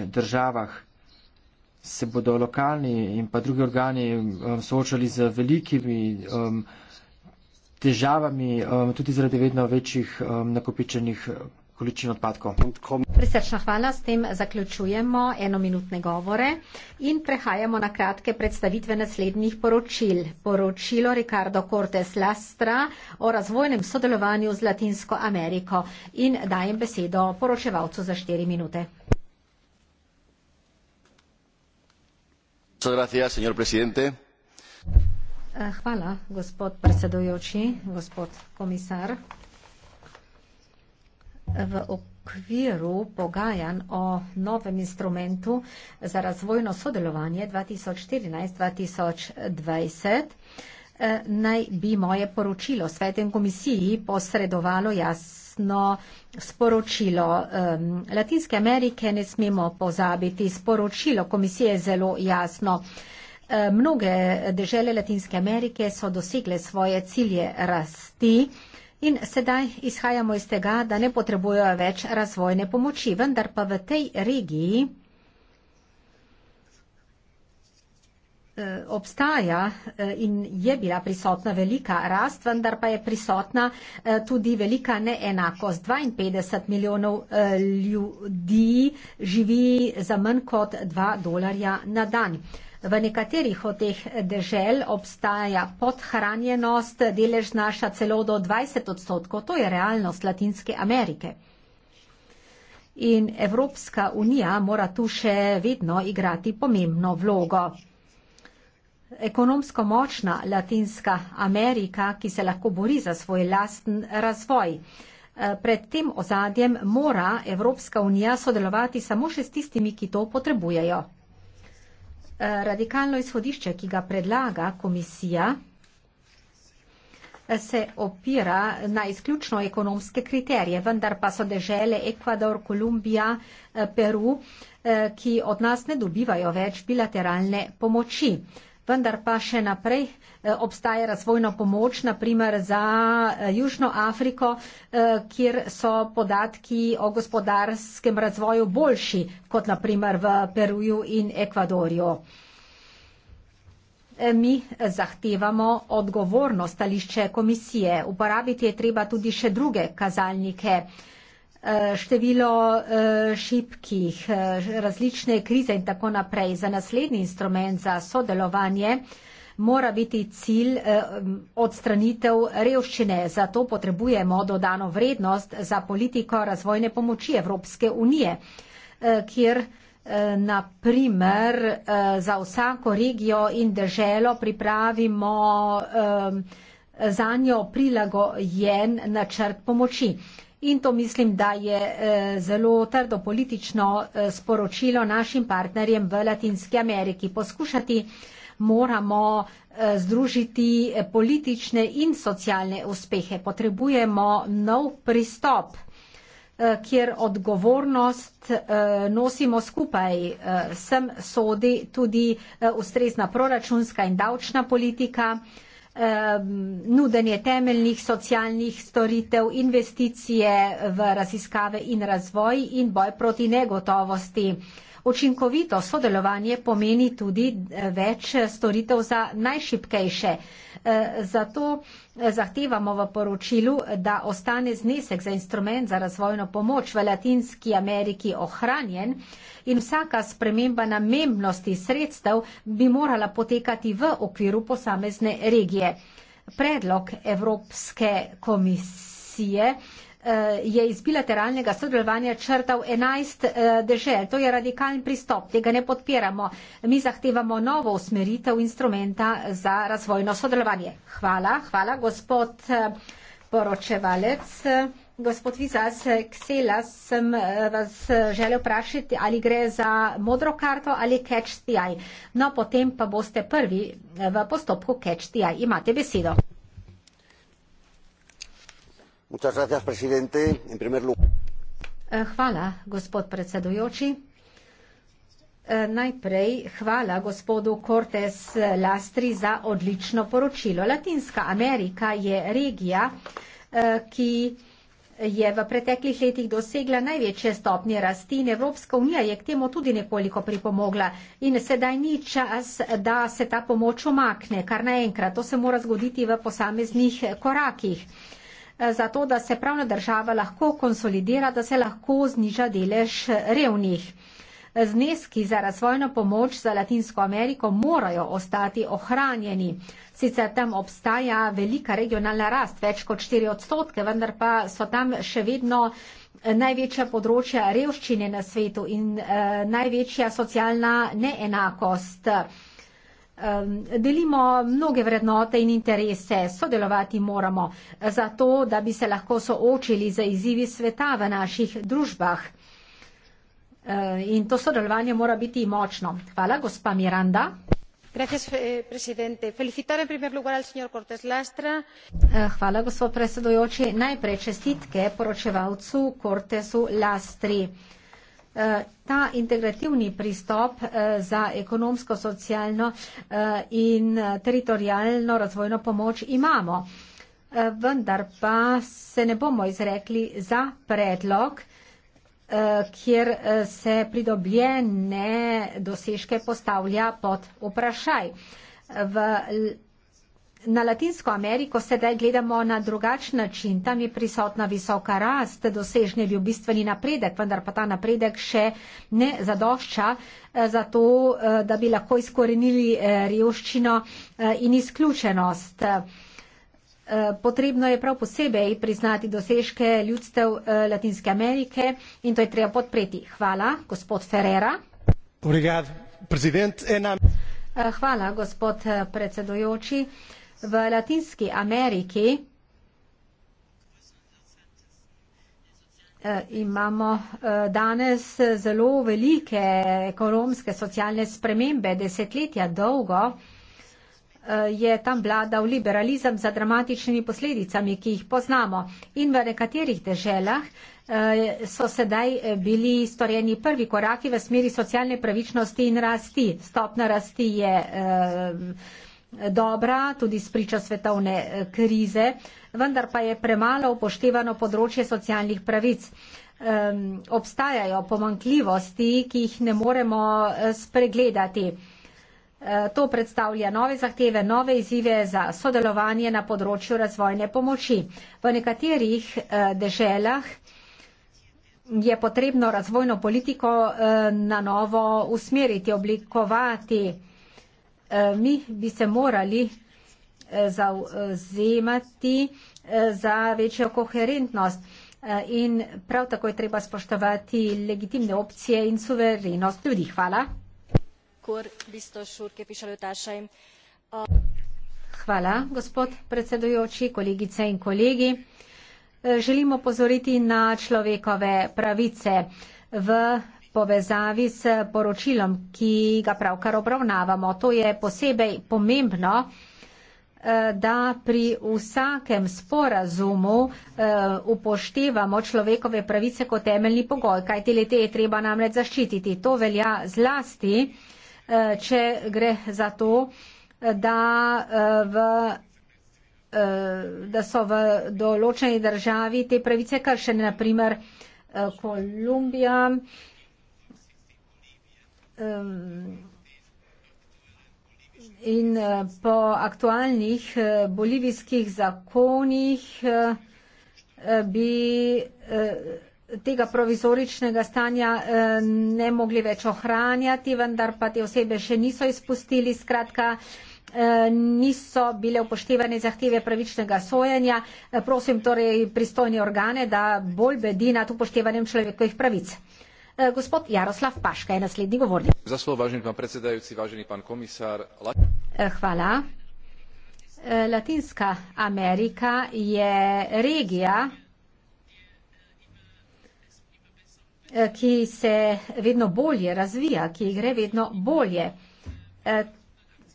državah se bodo lokalni in pa drugi organi um, soočali z velikimi um, težavami, um, tudi zaradi vedno večjih um, nakopičenih količin odpadkov. Prisrčna hvala, s tem zaključujemo enominutne govore in prehajamo na kratke predstavitve naslednjih poročil. Poročilo Ricardo Cortes Lastra o razvojnem sodelovanju z Latinsko Ameriko in dajem besedo poročevalcu za štiri minute. señor presidente eh, V okviru pogajanj o novem instrumentu za razvojno sodelovanje 2014-2020 eh, naj bi moje poročilo svetem komisiji posredovalo jaz, jasno sporočilo. Um, Latinske Amerike ne smemo pozabiti, sporočilo komisije je zelo jasno. Um, mnoge države Latinske Amerike so dosegle svoje cilje rasti. In sedaj izhajamo iz tega, da ne potrebujejo več razvojne pomoči, vendar pa v tej regiji Eh, obstaja eh, in je bila prisotna velika rast, vendar pa je prisotna eh, tudi velika neenakost. 52 milijonov ljudi živi za manj kot 2 dolarja na dan. V nekaterih od teh dežel obstaja podhranjenost, delež naša celo do 20 odstotkov, to je realnost Latinske Amerike. In Evropska unija mora tu še vedno igrati pomembno vlogo ekonomsko močna Latinska Amerika, ki se lahko bori za svoj lasten razvoj. Eh, pred tem ozadjem mora Evropska unija sodelovati samo še s tistimi, ki to potrebujejo. Eh, radikalno izhodišče, ki ga predlaga komisija, eh, se opira na izključno ekonomske kriterije, vendar pa so dežele Ekvador, Kolumbija, Peru, ki od nas ne dobivajo več bilateralne pomoči vendar pa še naprej eh, obstaja razvojna pomoč, naprimer za eh, Južno Afriko, eh, kjer so podatki o gospodarskem razvoju boljši kot naprimer v Peruju in Ekvadorju. Mi zahtevamo odgovorno stališče komisije. Uporabiti je treba tudi še druge kazalnike. Eh, število eh, šibkih, eh, različne krize in tako naprej. Za naslednji instrument za sodelovanje mora biti cilj odstranitev revščine. Zato potrebujemo dodano vrednost za politiko razvojne pomoči Evropske unije, kjer naprimer za vsako regijo in deželo pripravimo za njo prilagojen načrt pomoči in to mislim, da je eh, zelo trdo politično eh, sporočilo našim partnerjem v Latinski Ameriki. Poskušati moramo eh, združiti politične in socialne uspehe. Potrebujemo nov pristop, kjer odgovornost nosimo skupaj. Sem sodi tudi ustrezna proračunska in davčna politika nudenje temeljnih socialnih storitev, investicije v raziskave in razvoj in boj proti negotovosti. Učinkovito sodelovanje pomeni tudi eh, več storitev za najšipkejše. Eh, zato eh, zahtevamo v poročilu, da ostane znesek za instrument za razvojno pomoč v Latinski Ameriki ohranjen in vsaka sprememba namembnosti sredstev bi morala potekati v okviru posamezne regije. Predlog Evropske komisije Eh, je iz bilateralnega sodelovanja črtal 11 eh, dežel. To je radikalen pristop, tega ne podpiramo. Mi zahtevamo novo usmeritev instrumenta za razvojno sodelovanje. Hvala, hvala, gospod eh, poročevalec. Gospod Vizas Ksela, sem vas želel vprašati, ali gre za modro karto ali catch the eye. No, potem pa boste prvi v postopku catch the eye. Imate besedo. Eh, hvala, gospod predsedujoči. Eh, najprej hvala gospodu Cortez Lastri za odlično poročilo. Latinska Amerika je regija, eh, ki je v preteklih letih dosegla največje stopnje rasti in Evropska unija je k temu tudi nekoliko pripomogla. In sedaj ni čas, da se ta pomoč omakne kar naenkrat. To se mora zgoditi v posameznih korakih. Eh, zato da se pravna država lahko konsolidira, da se lahko zniža delež revnih. Zneski za razvojno pomoč za Latinsko Ameriko morajo ostati ohranjeni. Sicer tam obstaja velika regionalna rast, več kot 4 odstotke, vendar pa so tam še vedno eh, največja področja revščine na svetu in eh, največja socialna neenakost. Eh, Delimo mnoge vrednote in interese, sodelovati moramo, zato da bi se lahko soočili za izzivi sveta v naših družbah. In to sodelovanje mora biti močno. Hvala, gospa Miranda. Eh, eh, hvala, gospod predsedujoči. Najprej čestitke poročevalcu Cortesu Lastri. Eh, ta integrativni pristop eh, za ekonomsko, socialno eh, in teritorijalno razvojno pomoč imamo. Vendar pa se ne bomo izrekli za predlog, kjer se pridobljene dosežke postavlja pod vprašaj. V na Latinsko Ameriko sedaj gledamo na drugačen način. Tam je prisotna visoka rast, dosežen je bil bistveni napredek, vendar pa ta napredek še ne zadošča eh, za to, eh, da bi lahko izkorenili eh, revščino in izključenost. Potrebno je prav posebej priznati dosežke ljudstev Latinske Amerike in to je treba podpreti. Hvala, gospod Ferrera. Obrigado, Hvala, gospod predsedujoči v Latinski Ameriki eh, imamo eh, danes zelo velike ekonomske, socialne spremembe, desetletja dolgo eh, je tam vladal liberalizem za dramatičnimi posledicami, ki jih poznamo. In v nekaterih deželah so sedaj bili storjeni prvi koraki v smeri socialne pravičnosti in rasti. Stopna rasti je eh, dobra tudi spriča svetovne eh, krize, vendar pa je premalo upoštevano področje socialnih pravic. Um, obstajajo pomankljivosti, ki jih ne moremo eh, spregledati. Eh, to predstavlja nove zahteve, nove izzive za sodelovanje na področju razvojne pomoči. V nekaterih deželah je potrebno razvojno politiko na novo usmeriti, oblikovati. Eh, mi bi se morali eh, zauzemati eh, za večjo koherentnost in prav tako je treba spoštovati legitimne opcije in suverenost ljudi. Hvala. Hvala, gospod predsedujoči, kolegice in kolegi. Želim opozoriti na človekove pravice. V povezavi s poročilom, ki ga pravkar obravnavamo. To je posebej pomembno, eh, da pri vsakem sporazumu eh, upoštevamo človekove pravice kot temeljni pogoj, kaj tele te je treba namreč zaščititi. To velja zlasti, eh, če gre za to, da, v, da so v določeni državi te pravice kršene, naprimer Kolumbija, uh, In eh, po aktualnih eh, bolivijskih zakonih eh, bi tega provizoričnega stanja ne mogli več ohranjati, vendar pa te osebe še niso izpustili. Skratka, niso bile upoštevane zahteve pravičnega sojenja. Prosim torej pristojne organe, da bolj bedi nad upoštevanjem človekovih pravic. Eh, gospod Jaroslav Paška je naslednji govornik. Za slovo, vážený pán predsedajúci, vážený pán komisár. Eh, hvala. Eh, Latinska Amerika je regija, ki se vedno bolje razvija, ki gre vedno bolje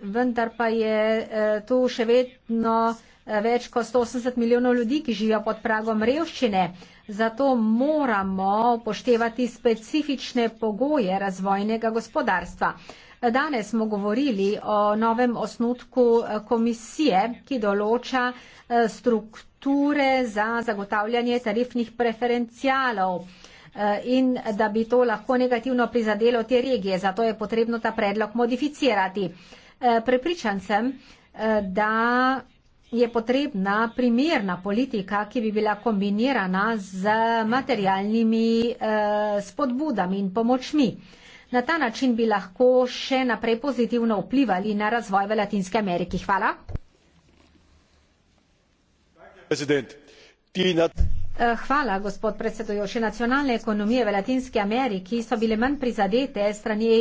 vendar pa je eh, tu še vedno eh, več kot 180 milijonov ljudi, ki živijo pod pragom revščine. Zato moramo poštevati specifične pogoje razvojnega gospodarstva. Danes smo govorili o novem osnutku eh, komisije, ki določa strukture za zagotavljanje tarifnih preferencialov in da bi to lahko negativno prizadelo te regije. Zato je potrebno ta predlog modificirati. Eh, prepričan sem, eh, da je potrebna primerna politika, ki bi bila kombinirana z materialnimi eh, spodbudami in pomočmi. Na ta način bi lahko še naprej pozitivno vplivali na razvoj v Latinske Ameriki. Hvala. Hvala, gospod predsedujoči. Nacionalne ekonomije v Latinske Ameriki so bile manj prizadete strani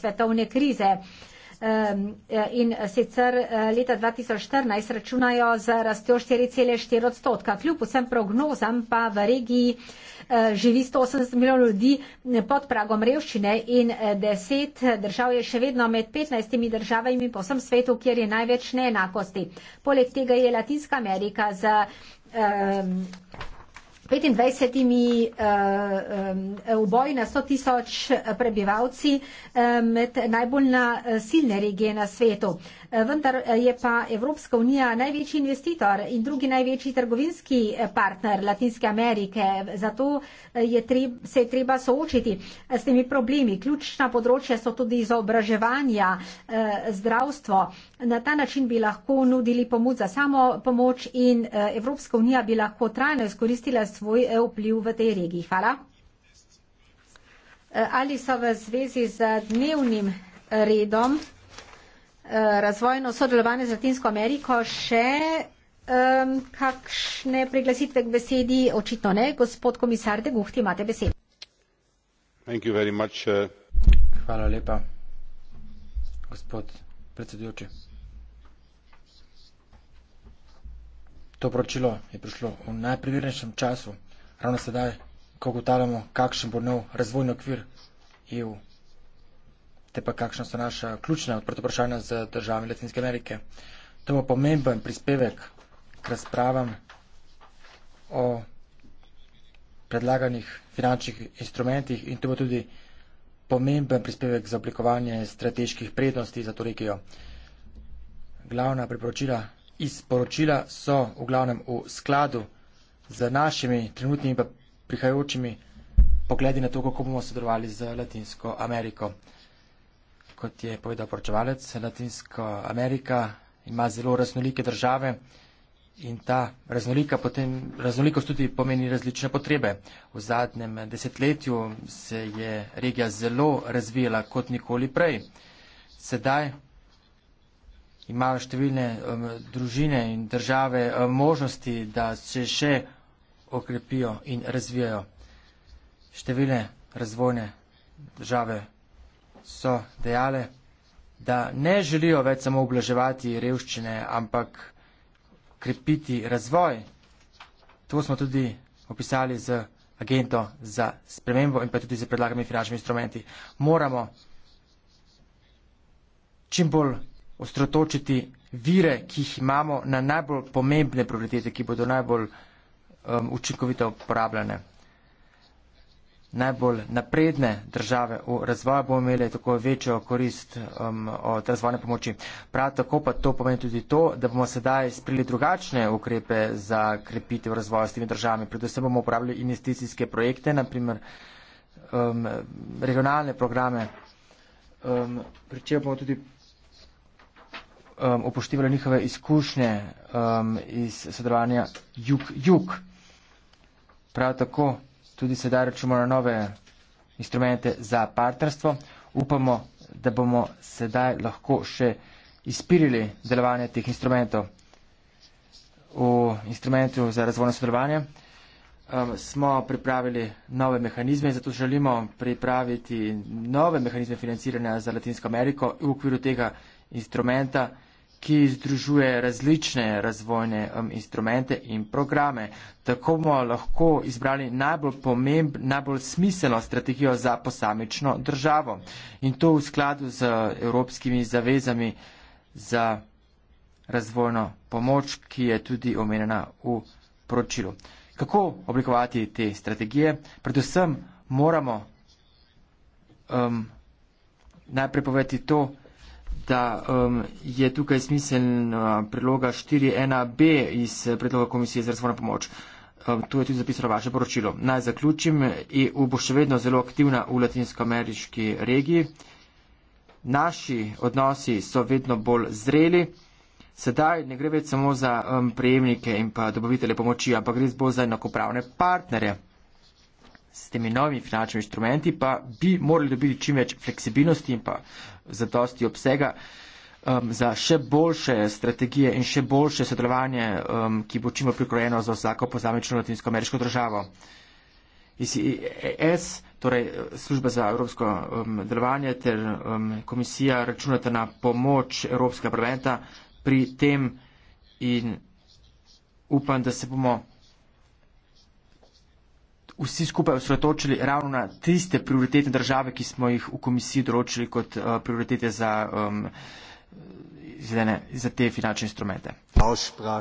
svetovne krize. Eh, in sicer eh, leta 2014 računajo za rastjo 4,4 odstotka. Kljub vsem prognozam pa v regiji eh, živi 180 milijonov ljudi pod pragom revščine in 10 držav je še vedno med 15 državami po vsem svetu, kjer je največ neenakosti. Poleg tega je Latinska Amerika za um, 25 uh, um, v boju na 100 tisoč eh, prebivalci um, med najbolj na eh, silne regije na svetu. Vendar je pa Evropska unija največji investitor in drugi največji trgovinski partner Latinske Amerike. Zato je treb, se je treba soočiti s temi problemi. Ključna področja so tudi izobraževanja, zdravstvo. Na ta način bi lahko nudili pomoč za samo pomoč in Evropska unija bi lahko trajno izkoristila svoj eh, vpliv v tej regiji. Hvala. Eh, ali so v zvezi z dnevnim redom eh, razvojno sodelovanje z Latinsko Ameriko še um, kakšne priglasitve k besedi? Očitno ne. Gospod komisar De Gucht, imate besedo. Hvala lepa, gospod predsedujoči. To poročilo je prišlo v najprivirnejšem času, ravno sedaj, ko ugotavljamo, kakšen bo nov razvojni okvir EU. Te pa kakšna so naša ključna odprta vprašanja z državami Latinske Amerike. To bo pomemben prispevek k razpravam o predlaganih finančnih instrumentih in to bo tudi pomemben prispevek za oblikovanje strateških prednosti za to regijo. Glavna priporočila iz poročila so v glavnem v skladu z našimi trenutnimi in prihajajočimi pogledi na to, kako bomo sodelovali z Latinsko Ameriko. Kot je povedal poročevalec, Latinska Amerika ima zelo raznolike države in ta potem, raznolikost tudi pomeni različne potrebe. V zadnjem desetletju se je regija zelo razvijala kot nikoli prej. Sedaj imajo številne um, družine in države um, možnosti, da se še okrepijo in razvijajo. Številne razvojne države so dejale, da ne želijo več samo oblaževati revščine, ampak krepiti razvoj. To smo tudi opisali z agento za spremembo in pa tudi z predlagami finančnimi instrumenti. Moramo čim bolj osredotočiti vire, ki jih imamo, na najbolj pomembne prioritete, ki bodo najbolj um, učinkovito uporabljene. Najbolj napredne države v razvoju bomo imeli tako večjo korist um, od razvojne pomoči. Prav tako pa to pomeni tudi to, da bomo sedaj sprili drugačne ukrepe za krepitev razvoja s temi državami. Predvsem bomo uporabljali investicijske projekte, naprimer um, regionalne programe. Um, pričel bomo tudi um, upoštevali njihove izkušnje um, iz sodelovanja jug-jug. Prav tako tudi sedaj računamo na nove instrumente za partnerstvo. Upamo, da bomo sedaj lahko še izpirili delovanje teh instrumentov. V instrumentu za razvojno sodelovanje um, smo pripravili nove mehanizme, zato želimo pripraviti nove mehanizme financiranja za Latinsko Ameriko v okviru tega instrumenta ki združuje različne razvojne um, instrumente in programe. Tako bomo lahko izbrali najbolj pomemb, najbolj smiselno strategijo za posamično državo. In to v skladu z evropskimi zavezami za razvojno pomoč, ki je tudi omenjena v poročilu. Kako oblikovati te strategije? Predvsem moramo um, najprej povedati to, da um, je tukaj smiselna priloga 4.1.b iz eh, predloga komisije za razvojno pomoč. Um, tu je tudi zapisano vaše poročilo. Naj zaključim, EU bo še vedno zelo aktivna v latinskoameriški regiji. Naši odnosi so vedno bolj zreli. Sedaj ne gre več samo za um, prejemnike in pa dobavitele pomoči, ampak gre zbolj za enakopravne partnerje s temi novimi finančnimi instrumenti, pa bi morali dobiti čim več fleksibilnosti in pa zadosti obsega um, za še boljše strategije in še boljše sodelovanje, um, ki bo čim bolj prikrojeno za vsako posamično latinsko-ameriško državo. ICES, torej uh, služba za evropsko um, delovanje ter um, komisija računata na pomoč Evropskega parlamenta pri tem in upam, da se bomo vsi skupaj osredotočili ravno na tiste prioritetne države, ki smo jih v komisiji določili kot uh, prioritete za. Um, za te finančne instrumente.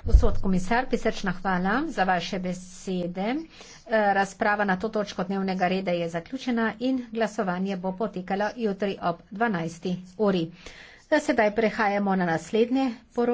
Gospod komisar, pisečna hvala za vaše besede. Eh, razprava na to točko dnevnega reda je zaključena in glasovanje bo potekalo jutri ob 12. uri. Eh, sedaj prehajamo na naslednje poročilo.